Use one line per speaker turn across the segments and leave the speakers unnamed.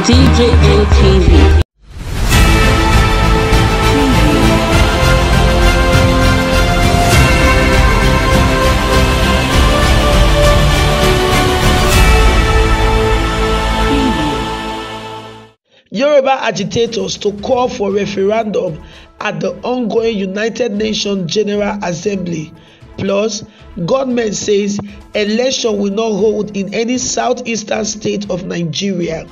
DJN TV. Yoruba agitators to call for referendum at the ongoing United Nations General Assembly. Plus, government says election will not hold in any southeastern state of Nigeria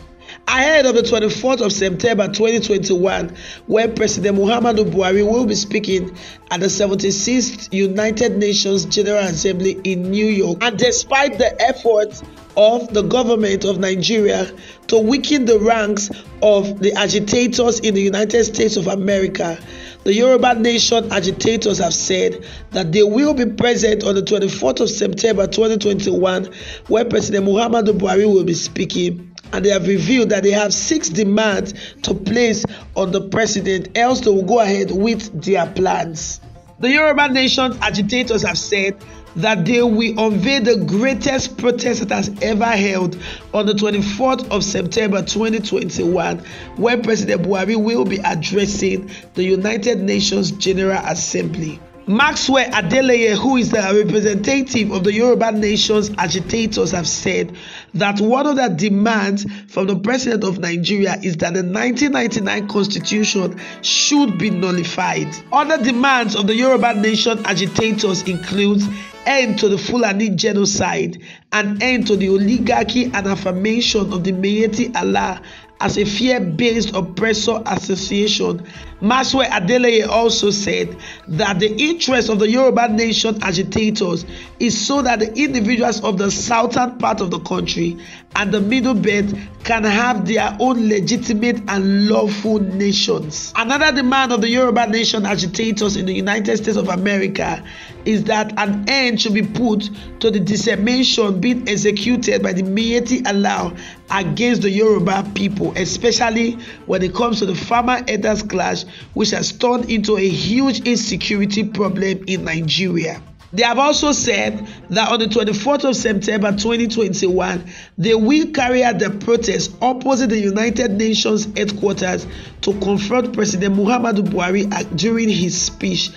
ahead of the 24th of September 2021, when President Muhammadu Buhari will be speaking at the 76th United Nations General Assembly in New York. And despite the efforts of the government of Nigeria to weaken the ranks of the agitators in the United States of America, the Yoruba Nation agitators have said that they will be present on the 24th of September 2021, when President Muhammadu Buhari will be speaking and they have revealed that they have six demands to place on the president, else they will go ahead with their plans. The Yoruba Nation agitators have said that they will unveil the greatest protest that has ever held on the 24th of September 2021, when President Buhari will be addressing the United Nations General Assembly. Maxwell Adeleye, who is the representative of the Yoruba nation's agitators, have said that one of the demands from the president of Nigeria is that the 1999 constitution should be nullified. Other demands of the Yoruba nation agitators include end to the Fulani genocide, an end to the oligarchy and affirmation of the Meyeti Allah as a fear based oppressor association. Maswe Adeleye also said that the interest of the Yoruba nation agitators is so that the individuals of the southern part of the country and the middle belt can have their own legitimate and lawful nations. Another demand of the Yoruba nation agitators in the United States of America is that an end should be put to the dissemination being executed by the Mieti allow against the Yoruba people. especially when it comes to the farmer elders clash, which has turned into a huge insecurity problem in Nigeria. They have also said that on the 24th of September 2021, they will carry out the protest opposite the United Nations headquarters to confront President Muhammadu Buhari during his speech.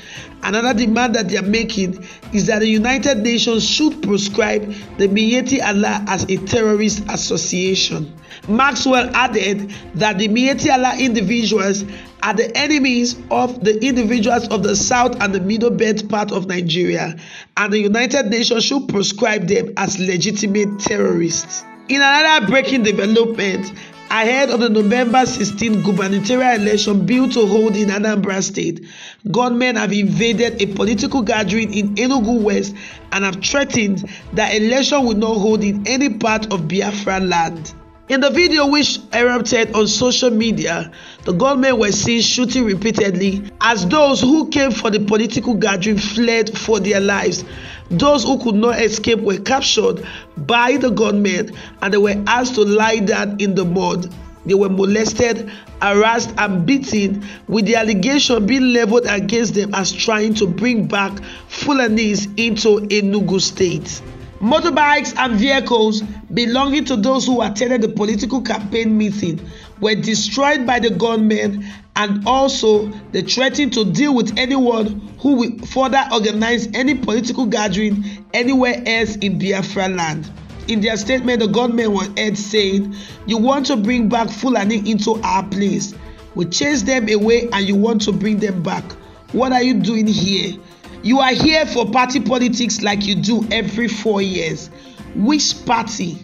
Another demand that they are making is that the United Nations should proscribe the Miyetti Allah as a terrorist association. Maxwell added that the Miyetti Allah individuals are the enemies of the individuals of the south and the middle belt part of Nigeria, and the United Nations should proscribe them as legitimate terrorists. In another breaking development, ahead of the November 16 gubernatorial election billed to hold in Anambra State, gunmen have invaded a political gathering in Enugu West and have threatened that election will not hold in any part of Biafra land. In the video which erupted on social media, the gunmen were seen shooting repeatedly as those who came for the political gathering fled for their lives. Those who could not escape were captured by the gunmen and they were asked to lie down in the mud. They were molested, harassed, and beaten, with the allegation being leveled against them as trying to bring back Fulanese into Enugu state. Motorbikes and vehicles belonging to those who attended the political campaign meeting were destroyed by the gunmen and also they threatened to deal with anyone who would further organize any political gathering anywhere else in Biafra land. In their statement, the gunmen were heard saying, You want to bring back Fulani into our place. We chase them away and you want to bring them back. What are you doing here? You are here for party politics like you do every four years. Which party?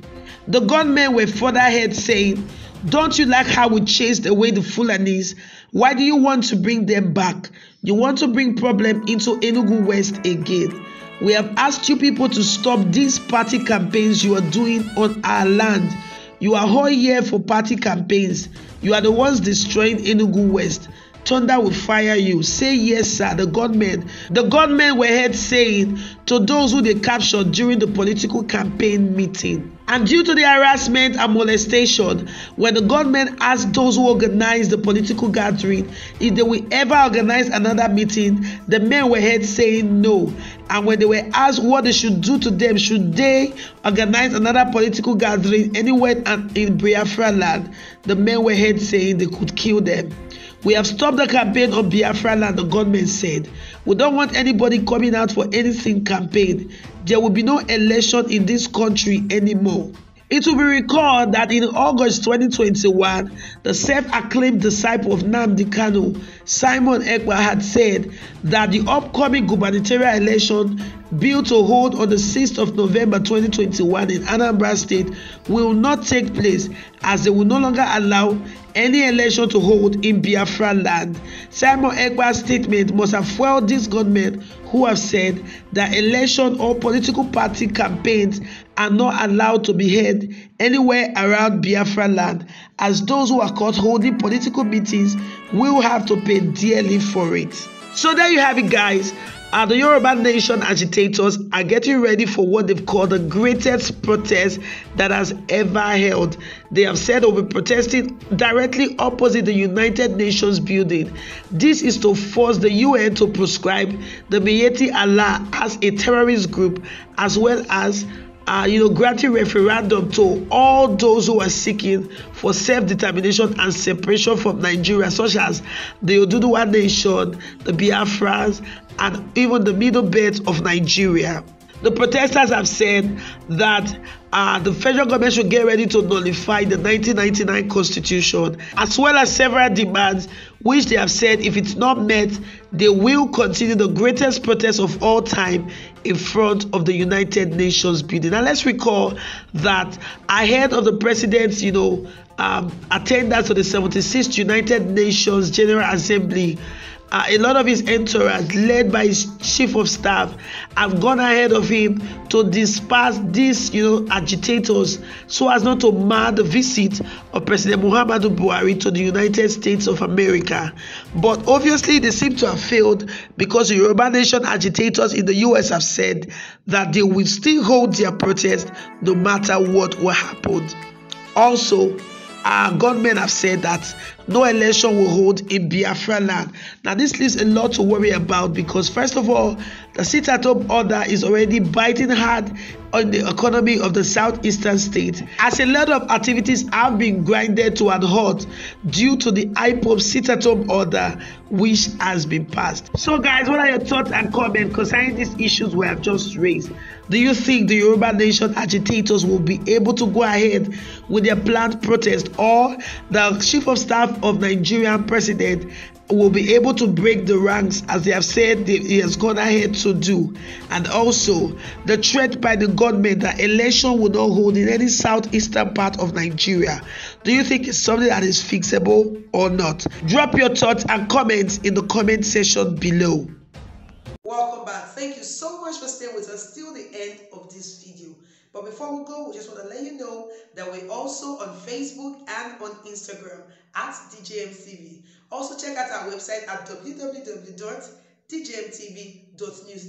The gunmen were further ahead saying, Don't you like how we chased away the Fulanis? Why do you want to bring them back? You want to bring problem into Enugu West again. We have asked you people to stop these party campaigns you are doing on our land. You are all here for party campaigns. You are the ones destroying Enugu West. thunder will fire you. Say yes, sir. The gunmen. the gunmen were heard saying to those who they captured during the political campaign meeting. And due to the harassment and molestation, when the gunmen asked those who organized the political gathering if they will ever organize another meeting, the men were heard saying no. And when they were asked what they should do to them, should they organize another political gathering anywhere in Biafra land, the men were heard saying they could kill them. We have stopped the campaign on Biafra land, the government said. We don't want anybody coming out for anything campaign. There will be no election in this country anymore. It will be recalled that in August 2021, the self acclaimed disciple of Namdi Kanu Simon Ekwa had said that the upcoming gubernatorial election, due to hold on the 6th of November 2021 in Anambra State, will not take place as they will no longer allow any election to hold in Biafra land. Simon Ekwa's statement must have foiled these government who have said that election or political party campaigns are not allowed to be held anywhere around Biafra land, as those who are caught holding political meetings will have to pay pay dearly for it. So there you have it, guys. Uh, the Yoruba Nation agitators are getting ready for what they've called the greatest protest that has ever held. They have said they'll be protesting directly opposite the United Nations building. This is to force the UN to proscribe the Mieti Allah as a terrorist group as well as uh, you know, granting referendum to all those who are seeking for self-determination and separation from Nigeria, such as the Oduduwa Nation, the Biafrans, and even the Middle Belt of Nigeria. The protesters have said that uh, the federal government should get ready to nullify the 1999 constitution, as well as several demands which they have said if it's not met, they will continue the greatest protest of all time in front of the United Nations building. Now, let's recall that ahead of the president's, you know, um, attendance to the 76th United Nations General Assembly uh, a lot of his entourage, led by his chief of staff, have gone ahead of him to disperse these, you know, agitators so as not to mar the visit of President Muhammadu Buhari to the United States of America. But obviously, they seem to have failed because the Yoruba Nation agitators in the U.S. have said that they will still hold their protest no matter what will happen. Also, our government have said that no election will hold in Biafra land. Now, this leaves a lot to worry about because, first of all, the sit at home order is already biting hard on the economy of the southeastern state, as a lot of activities have been grinded to a halt due to the IPOP sit at home order, which has been passed. So, guys, what are your thoughts and comments concerning these issues we have just raised? Do you think the Yoruba Nation agitators will be able to go ahead with their planned protest, or the Chief of Staff of Nigerian president will be able to break the ranks as they have said he has gone ahead to do. And also, the threat by the government that election will not hold in any southeastern part of Nigeria. Do you think it's something that is fixable or not? Drop your thoughts and comments in the comment section below. Welcome back. Thank you so much for staying with us till the end of this video. But before we go, we just want to let you know that we're also on Facebook and on Instagram at DJMTV. Also check out our website at www.djmtv.news.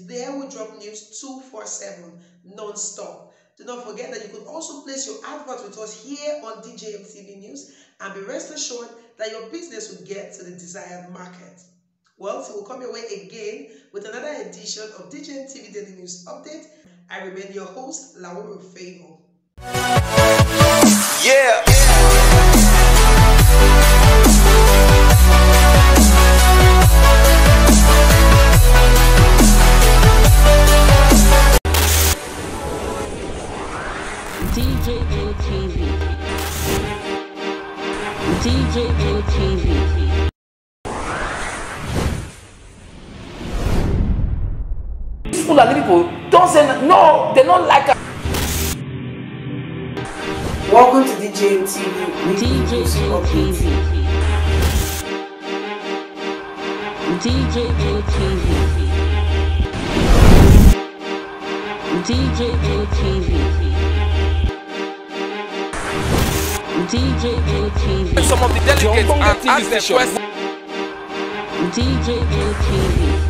There we drop news 247 non-stop. Do not forget that you could also place your advert with us here on DJMTV News and be rest assured that your business will get to the desired market. Well, so we'll come your way again with another edition of DJN TV Daily News Update. I remain your host, Laura Fable. Yeah. DJN TV. TV. Fulani people don't say no, they don't like us. Welcome to DJM TV. DJM TV. DJM TV. DJ TV. Some of the delegates and ask them questions. DJ TV.